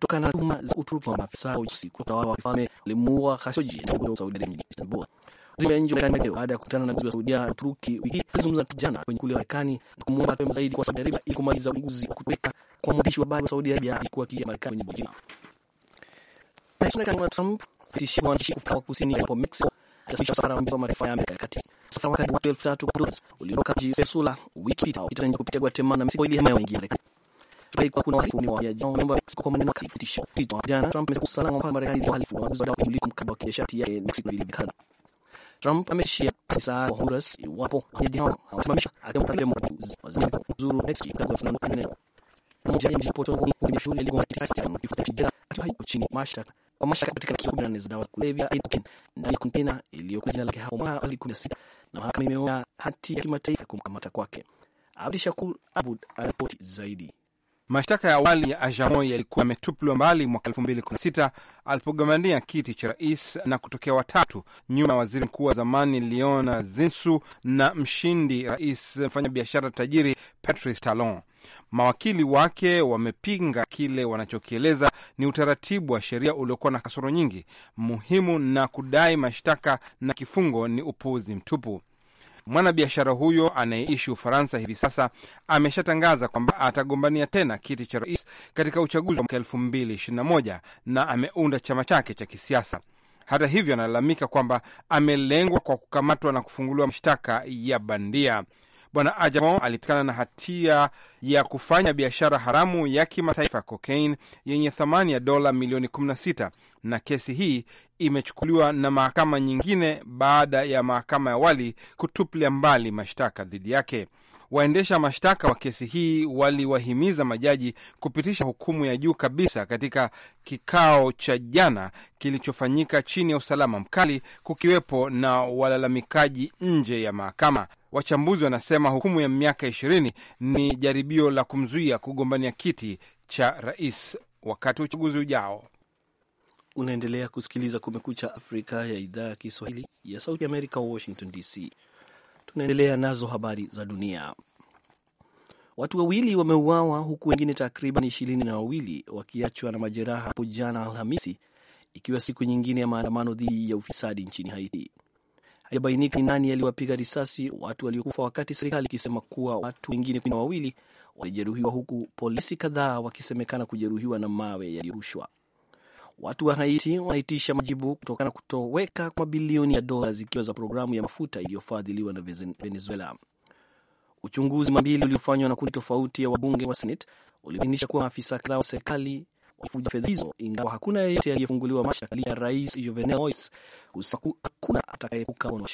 kutokana na tuhuma za utupu wa maafisa wa ujasusi kutoka utawala wa kifalme walimuua Khashoggi na Saudi Arabia mjini Istanbul. Waziri wa nje wa Marekani baada ya kukutana na wa Saudia na Uturuki wiki hii alizungumza tu jana kwenye kule Marekani na kumuomba hatua zaidi kwa Saudi Arabia ili kumaliza ugunguzi wa kutoweka kwa mwandishi wa habari wa Saudi Arabia alikuwa akiishi Marekani kwenye Burkina. Rais wa Trump atishia waandishi kutoka kusini hapo Mexico kusitisha msafara wa wa mataifa ya Amerika ya Kati. Msafara wa karibu watu elfu tatu kwa Honduras uliondoka mji Sesula wiki iliyopita kupitia Guatemala na Mexico ili hema ya wengi Marekani. Haifai kuwa Trump ameshia kanisa wa Honduras iwapo wahamiaji hao hawasimamishwa akiwa mzuru Mexico kwa tunano neno. ya mjipo tovu kwenye shule ilikuwa katikati ya kifuta kijana akiwa haiko chini mashtaka kwa mashtaka katika kilo 14 za dawa kulevya aina ndani ya kontena iliyokuwa jina lake hapo mwaka 2016 na mahakama imeona hati ya kimataifa kumkamata kwake. Abdishakur Abud aripoti zaidi. Mashtaka ya awali ya Ajamo yalikuwa yametupiliwa mbali mwaka sita alipogombania kiti cha rais na kutokea watatu nyuma ya waziri mkuu wa zamani Leona Zinsu na mshindi rais mfanyabiashara tajiri Patrice Talon. Mawakili wake wamepinga kile wanachokieleza ni utaratibu wa sheria uliokuwa na kasoro nyingi muhimu na kudai mashtaka na kifungo ni upuuzi mtupu. Mwanabiashara huyo anayeishi Ufaransa hivi sasa ameshatangaza kwamba atagombania tena kiti cha rais katika uchaguzi wa mwaka elfu mbili ishirini na moja na ameunda chama chake cha kisiasa. Hata hivyo, analalamika kwamba amelengwa kwa kukamatwa na kufunguliwa mashtaka ya bandia. Bwana Ajapong alipatikana na hatia ya kufanya biashara haramu ya kimataifa kokain yenye thamani ya dola milioni 16 na kesi hii imechukuliwa na mahakama nyingine baada ya mahakama ya awali kutupilia mbali mashtaka dhidi yake. Waendesha mashtaka wa kesi hii waliwahimiza majaji kupitisha hukumu ya juu kabisa katika kikao cha jana kilichofanyika chini ya usalama mkali, kukiwepo na walalamikaji nje ya mahakama. Wachambuzi wanasema hukumu ya miaka ishirini ni jaribio la kumzuia kugombania kiti cha rais wakati wa uchaguzi ujao. Unaendelea kusikiliza Kumekucha Afrika ya idhaa ya Kiswahili ya Sauti Amerika, Washington DC. Tunaendelea nazo habari za dunia. Watu wawili wameuawa huku wengine takriban ishirini na wawili wakiachwa na majeraha hapo jana Alhamisi, ikiwa siku nyingine ya maandamano dhidi ya ufisadi nchini Haiti. Haijabainika ni nani aliwapiga risasi watu waliokufa, wakati serikali ikisema kuwa watu wengine kumi na wawili walijeruhiwa, huku polisi kadhaa wakisemekana kujeruhiwa na mawe yaliyorushwa. Watu wa Haiti wanaitisha majibu kutokana na kutoweka kwa bilioni ya dola zikiwa za programu ya mafuta iliyofadhiliwa na Venezuela. Uchunguzi mambili uliofanywa na kundi tofauti ya wabunge wa Senate ulibainisha kuwa maafisa kadhaa wa serikali wafuja fedha hizo, ingawa hakuna yeyote aliyefunguliwa mashtaka ya Rais Jovenel Moise hakuna atakayeepuka mkono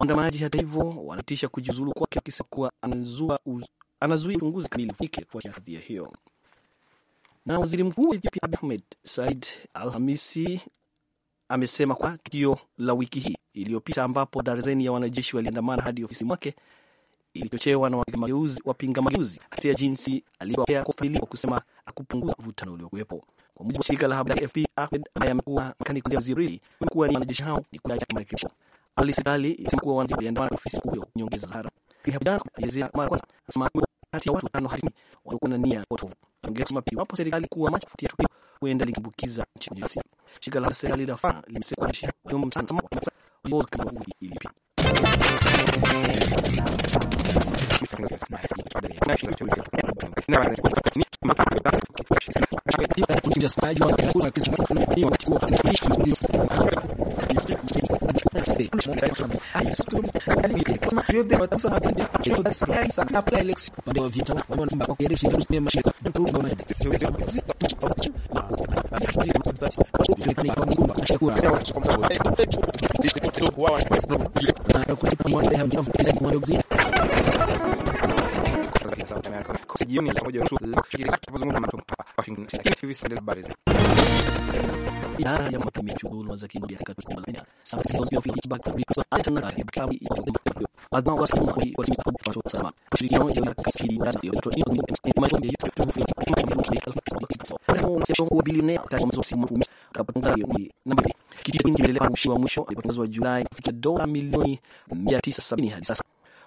Waandamanaji hata hivyo wanaitisha kujiuzulu kwake, wakisema kuwa anazuia uchunguzi kamili ufanyike kufuatia kadhia hiyo. Na waziri mkuu wa Ethiopia Abiy Ahmed Said Alhamisi amesema kwa tukio la wiki hii iliyopita ambapo darzeni ya wanajeshi waliandamana hadi ofisi mwake ilichochewa na wapinga mageuzi, atia jinsi alivyoakea kufadhili kwa kusema akupunguza mvutano uliokuwepo. Kwa mujibu wa shirika la habari AFP, Ahmed ambaye amekuwa madarakani kuanzia mwezi Aprili amekuwa ni wanajeshi hao ni kudai chake marekebisho. Awali serikali ilisema kuwa wanajeshi waliandamana ofisi kuu hiyo kunyongeza zahara. Pia hapo jana alielezea mara kwanza anasema kati ya watu watano hadi kumi walikuwa na nia potovu. Ameongeza kusema pia iwapo serikali kuwa macho kufuatia tukio huenda likibukiza nchini moja. Shirika la serikali la Fana limesema nchi waliompa sana sana walioza kama nguvu ilipia. ya ya I not Maintenant, a wa mwisho alipotangazwa Julai kufikia dola milioni 970 hadi sasa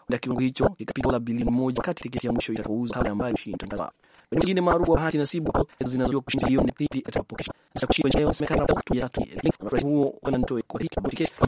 na kiwango hicho kitapita dola bilioni moja wakati tiketi ya mwisho itakauza kabla ambayo nchi itangazwa. Wengine maarufu wa bahati nasibu zinazojua kushinda hiyo ni tiketi atakapokesha. Sasa kushinda leo semekana tatu ya tatu. Lakini huo wananitoa kwa tiketi kwa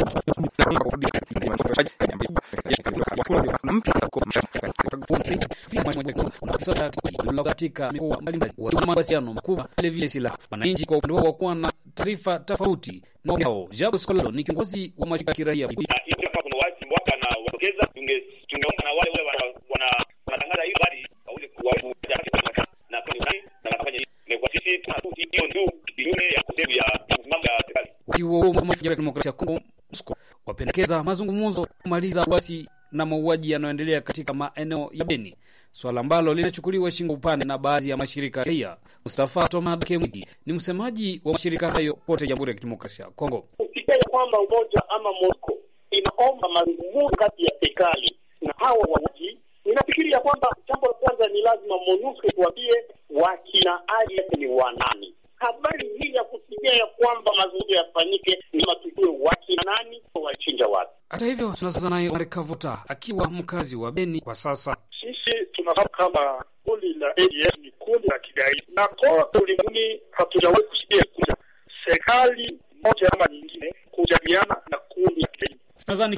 katika mikoa mbalimbali wa mawasiliano makubwa, vile vile sila wananchi kwa upande wao kuwa na taarifa tofauti na hao. Jabu Skolalo ni kiongozi wa mashirika ya kiraia. Hapa kuna watu ya kusema ya Kongo wapendekeza mazungumzo kumaliza wasi na mauaji yanayoendelea katika maeneo ya Beni, swala ambalo linachukuliwa shingo upande na baadhi ya mashirika raia. Mustafa Tomada Kemwidi ni msemaji wa mashirika hayo kote Jamhuri ya Kidemokrasia ya Kongo. Usikia ya kwamba umoja ama Mosco inaomba mazungumzo kati ya serikali na hawa wauaji, ninafikiria kwamba jambo la kwanza ni lazima MONUSCO tuambie wakina ali ni wanani. Habari hii ya kusikia ya kwamba mazungumzo yafanyike ni matu hata hivyo tunazungumza naye Omar Kavuta akiwa mkazi wa Beni kwa sasa. Sisi tunafahamu kama kundi la ADF ni kundi la kigaidi, na kote ulimwenguni hatujawahi kusikia kuja serikali moja ama nyingine kujamiana na kundi la kigaidi. Nadhani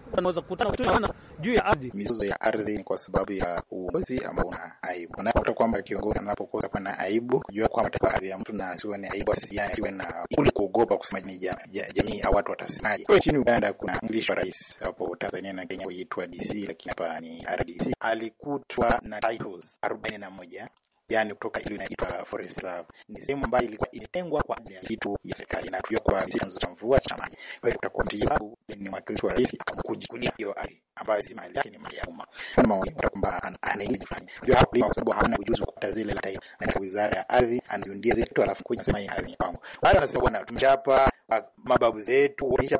wanaweza kukutana juu ya ardhi. Mizozo ya ardhi ni kwa sababu ya uongozi ambao una aibu. Unapata kwamba kiongozi anapokosa kuwa na aibu, kujua kwamba ardhi ya mtu na asiwe na aibu, asiwe na kule kuogopa kusema jamii au watu watasemaje. Kwa nchini Uganda kuna wa rais hapo Tanzania na Kenya huitwa DC, lakini hapa ni RDC. Alikutwa na titles arobaini na moja yani kutoka ile inaitwa forest reserve. Ni sehemu ambayo ilikuwa imetengwa kwa ajili ya misitu ya serikali na tuyo kwa misitu nzuri mvua cha maji. Kwa hiyo kutakuwa mtijibu ni mwakilishi wa rais akakujilia hiyo ardhi ambayo si mali yake, ni mali ya umma. Kama maoni kwamba anaili fulani, unajua hakulima kwa sababu hana ujuzi wa kupata zile la taifa na wizara ya ardhi anajundia zile kitu, alafu kuja sema hii ardhi ni pango. Wale wanasema bwana, tumeshapa mababu zetu waisha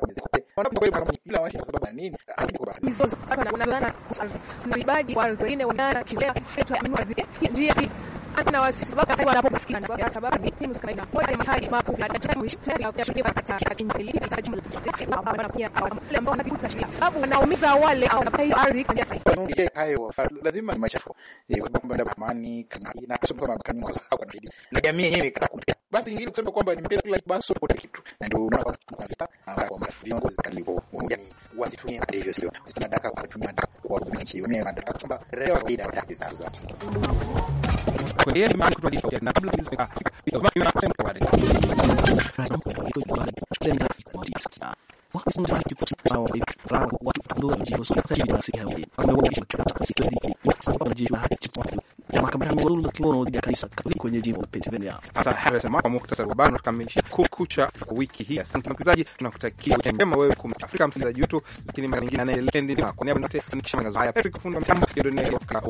lazima ni machafu na jamii hii basi, ingine kusema kwamba kila kitu na ndio kuona watu kwa vita ambao viongozi walivyo yani wasitumie hata hivyo, sio wasitumie madaraka, wanatumia madaraka kwa wananchi wenyewe, madaraka kwamba raia wa kawaida hawataki zao za msingi ya makabila mzuri mkutano dhidi ya kanisa Katoliki kwenye jimbo la Pennsylvania. Hata Harris na kwa muhtasari wa habari tunakamilisha Kukucha kwa wiki hii. Asante msikilizaji, tunakutakia wiki njema wewe kwa Afrika msikilizaji wetu, lakini mara nyingine anaendelea kwa niaba yote kufanikisha matangazo haya Patrick Funda mtambo ndio ndio kwa